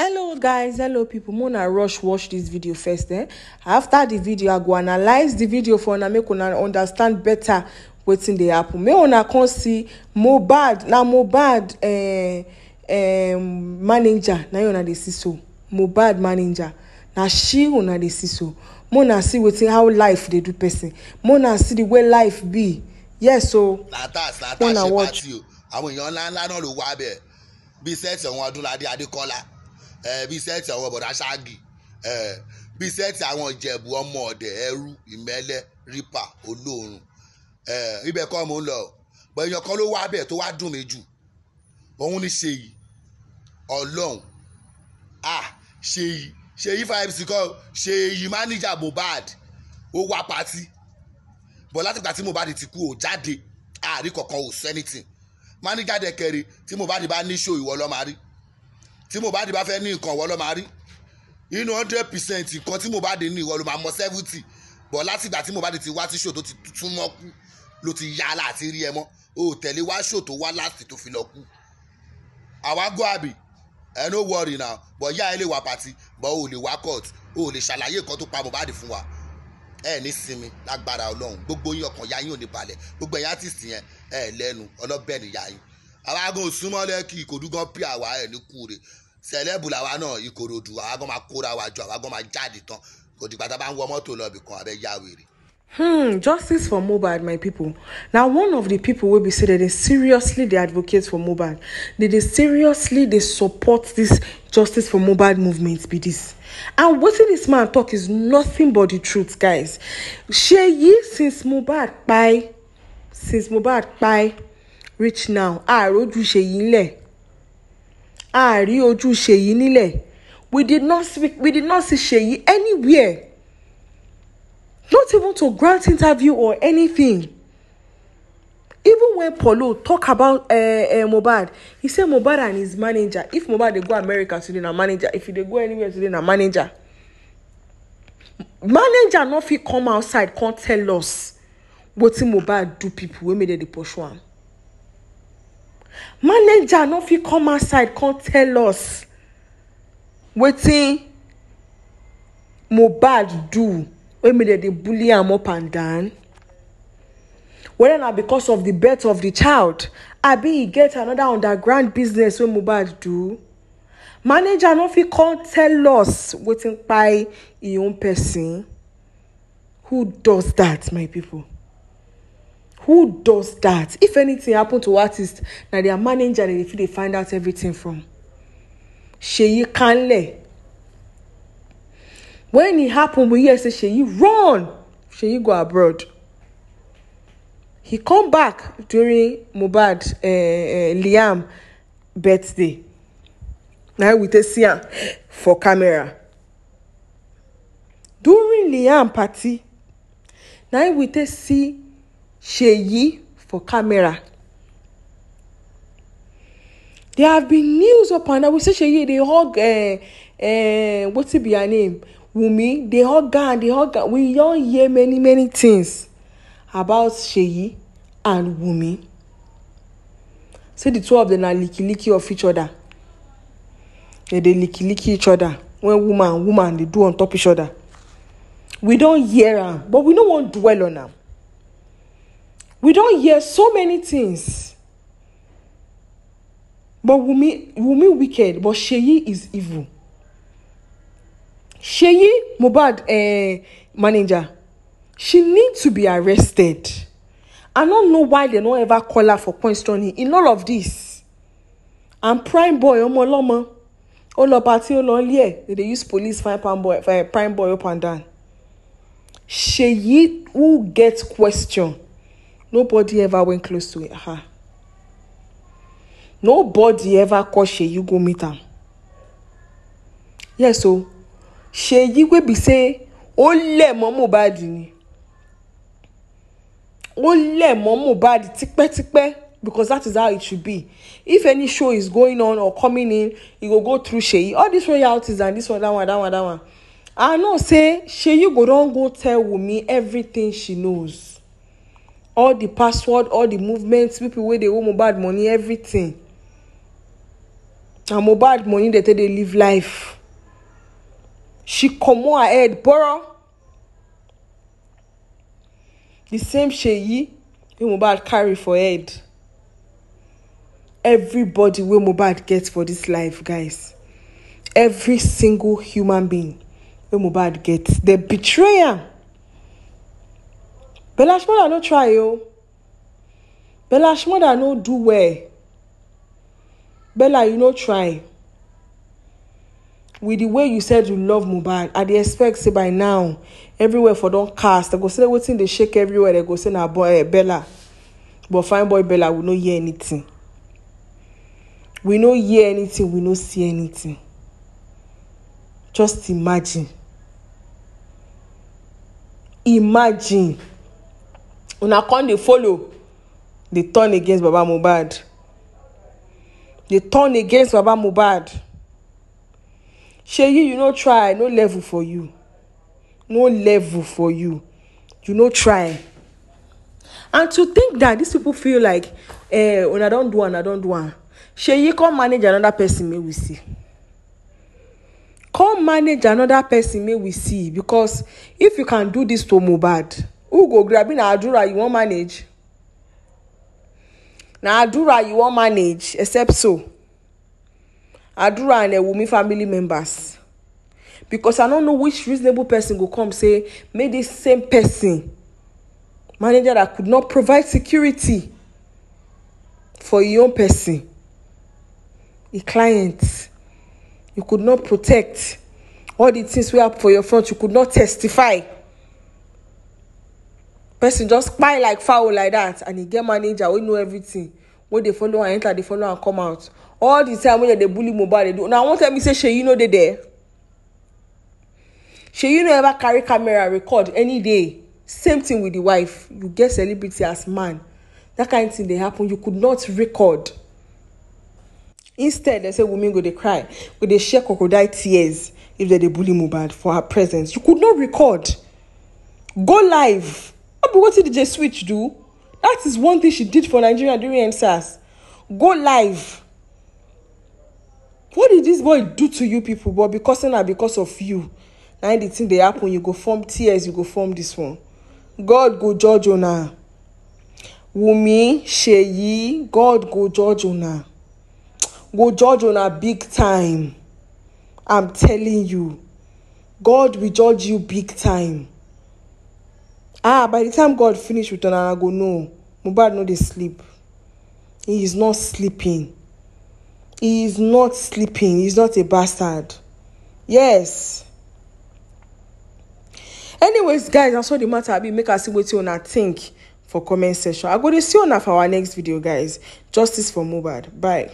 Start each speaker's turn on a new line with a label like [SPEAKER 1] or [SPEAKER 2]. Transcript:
[SPEAKER 1] hello guys hello people mona rush watch this video first eh after the video i go analyze the video for una make una understand better what's in the happen make una come see mohbad na mohbad eh, eh, manager na una dey see so mohbad manager na she una dey see so mona see wetin how life dey do person mona see the way life be yes so. mona watch.
[SPEAKER 2] àwọn èèyàn ńláńlá náà ló wá bẹ́ẹ̀ bíi sẹ́ẹ̀sì ọ̀hún ọdúnládé adékọ́lá Eh, bíi sẹ́ẹ̀tì àwọn bọ̀dá ṣáàgì eh, bíi sẹ́ẹ̀tì àwọn ìjẹ̀bù ọmọ ọ̀dẹ̀ ẹrú ìmẹ́lẹ́ rípa olóòrùn eh, ibẹ̀ kọ́ mo ń lọ bọ̀ èèyàn kan ló wá bẹ̀ tó wá dùn mí jù òun ni ṣe yìí ọlọ́run à ah, ṣe yìí ṣe yìí five six kọ́ ṣe yìí mánìjà Mohbad ó wá pátì bọ̀ látìgbà tí Mohbad ti kú ò jáde àárí kọ̀ọ̀kan ò sẹ́nìtì mánìjà dẹ̀kẹ̀rẹ̀ tí Mohbad bá ní ìwọ lọ́ọ́ máa tí Mohbad bá fẹ́ ní nǹkan ìwọ ló máa rí inú hundred percent nǹkan tí Mohbad ní ìwọ ló máa mọ seventy bọ̀ látìgbà tí Mohbad ti wá sí ṣò tó ti túmọ̀ kú ló ti yá láti rí ẹ mọ́ o ò tẹ̀lé wá ṣò wá láti tó fi lọ kú àwa gbọ́ àbí ẹ no worry now bọ̀ yá ẹ lè wá pàtì bọ̀ o ò lè wá court o ò lè ṣàlàyé nǹkan tó pa Mohbad fún wa ẹ ní sinmi lágbára ọlọ́run gbogbo yín ọkàn ya yín ò ní balẹ̀ gbogbo ẹ̀yin artist yẹn ẹ lẹ́nu ọlọ́bẹ̀ nìyá yín àwọn aago òsúnmọ́ kò dúgán pí àwa ẹ̀ ní kúure sẹlẹ́bù làwa náà ìkòròdú àwa gan máa kóra wa jọ àwa gan máa jáde tán kò dìgbà tá a bá ń wọ mọ́tò lọ ibì kan abẹ́ yá wèrè.
[SPEAKER 1] Hmm, justice for mobile, my people. Na one of the people wey be say dem dey seriously dey advocate for mobile. Dem dey seriously dey support this justice for mobile movement be this. And wetin this man talk is nothing but the truth, guys. Sheyi since Mohbad kpai since Mohbad kpai reach now, àròjù Sheyi ńlẹ̀ a rí ojú ṣèyí nílẹ̀ we did not speak we did not see ṣèyí anywhere not even to grant interview or anything even when paulo talk about uh, uh, mohbad he say mohbad and his manager if mohbad dey go america today na manager if he dey go anywhere today na manager manager no fit come outside come tell us wetin mohbad do people wey make dem dey pursue am manager no fit come outside come tell us wetin mohbad do wey make dem dey bully am up and down whether na because of the birth of the child abi e get another underground business wey mohbad do manager no fit come tell us wetin kpai e own person who does that, my people? who does that if anything happen to artist na their manager dem dey fit dey find out everything from seyi kanle when e happen we hear say seyi run seyi go abroad he come back during mohbad uh, uh, liam birthday na we take see am for camera during liam party na we take see Sheyi for camera. There have been news upon I will say Sheyi they hug uh, uh, what's it be her name Wunmi they hug her and they hug her we don hear many many things about Sheyi and Wunmi say the two of them na likiliki of each other They dey likiliki each other when woman woman dey do on top each other we don hear am but we no wan dwell on am we don hear so many things but wunmi wunmi wicked but seyi is evil seyi mohbad uh, manager she need to be arrested i no know why dem no ever call her for questioning in all of this and prime boy ọmọ ọlọmọ ó lọ party ó lọ lé they dey use police find prime boy find prime boy up and down seyi who get question Nobody ever went close to her. Nobody ever called Sheyi go meet her. Yes o, Sheyi wey be say "Ole, lẹ̀ mọ́ Mohbad ni. Ó lẹ̀ mọ́ Mohbad tipẹ́tipẹ́ because that is how it should be. If any show is going on or coming in, it will go through Sheyi. All these royalties and this one, that one, that one, that one. I know say Sheyi go don't go tell Wunmi everything she knows all the password all di movement pipo wey dey owe mohbad money everything na mohbad money dem take dey live life she comot her head borrow The same sheyi wey mohbad carry for head everybody wey mohbad get for this life guys every single human being wey mohbad get dem betray am bella shmurda no try yo. bella shmurda no do well bella you no try with the way you said you love mohbad i expect say by now everywhere for don't cast They go say wetin they shake everywhere They go say na boy eh, bella but fine boy bella we no hear anything we no hear anything we no see anything just imagine imagine una come dey follow dey turn against baba mohbad dey turn against baba mohbad Shey, you no try no level for you no level for you you no try and to think that these people feel like eh una don do una don do am sheyi come manage another person make we see come manage another person make we see because if you can do this to mohbad who go grab na adura you wan manage na adura you wan manage except so adura and ewumi family members because i no know which reasonable person go come say make this same person manager that could not provide security for your own person a client you could not protect all the things wey happen for your front you could not testify person just kpai like fowl like that and e get manager wey know everything wey dey follow am enter dey follow am come out all the time wey dem dey bully mohbad dey do una wan tell me say You no dey there sheyi no ever carry camera record any day same thing with the wife you get celebrity as man that kind of thing dey happen you could not record instead dem say wunmi go dey cry go dey share crocodile tears if dem dey bully mohbad for her presence you could not record go live Obi, be did DJ Switch do? That is one thing she did for Nigeria during MSAS. Go live. What did this boy do to you people, But Because now because of you. Now the thing they happen, you go form tears, you go form this one. God go judge una. Wumi, Sheyi, God go judge una. Go judge una big time. I'm telling you. God will judge you big time. ah by the time god finish with una go know mohbad no dey sleep he is not sleeping he is not sleeping he is not a bastard yes anyways guys na so the matter be make i see wetin una think for comment section i go dey see una for our next video guys justice for mohbad bye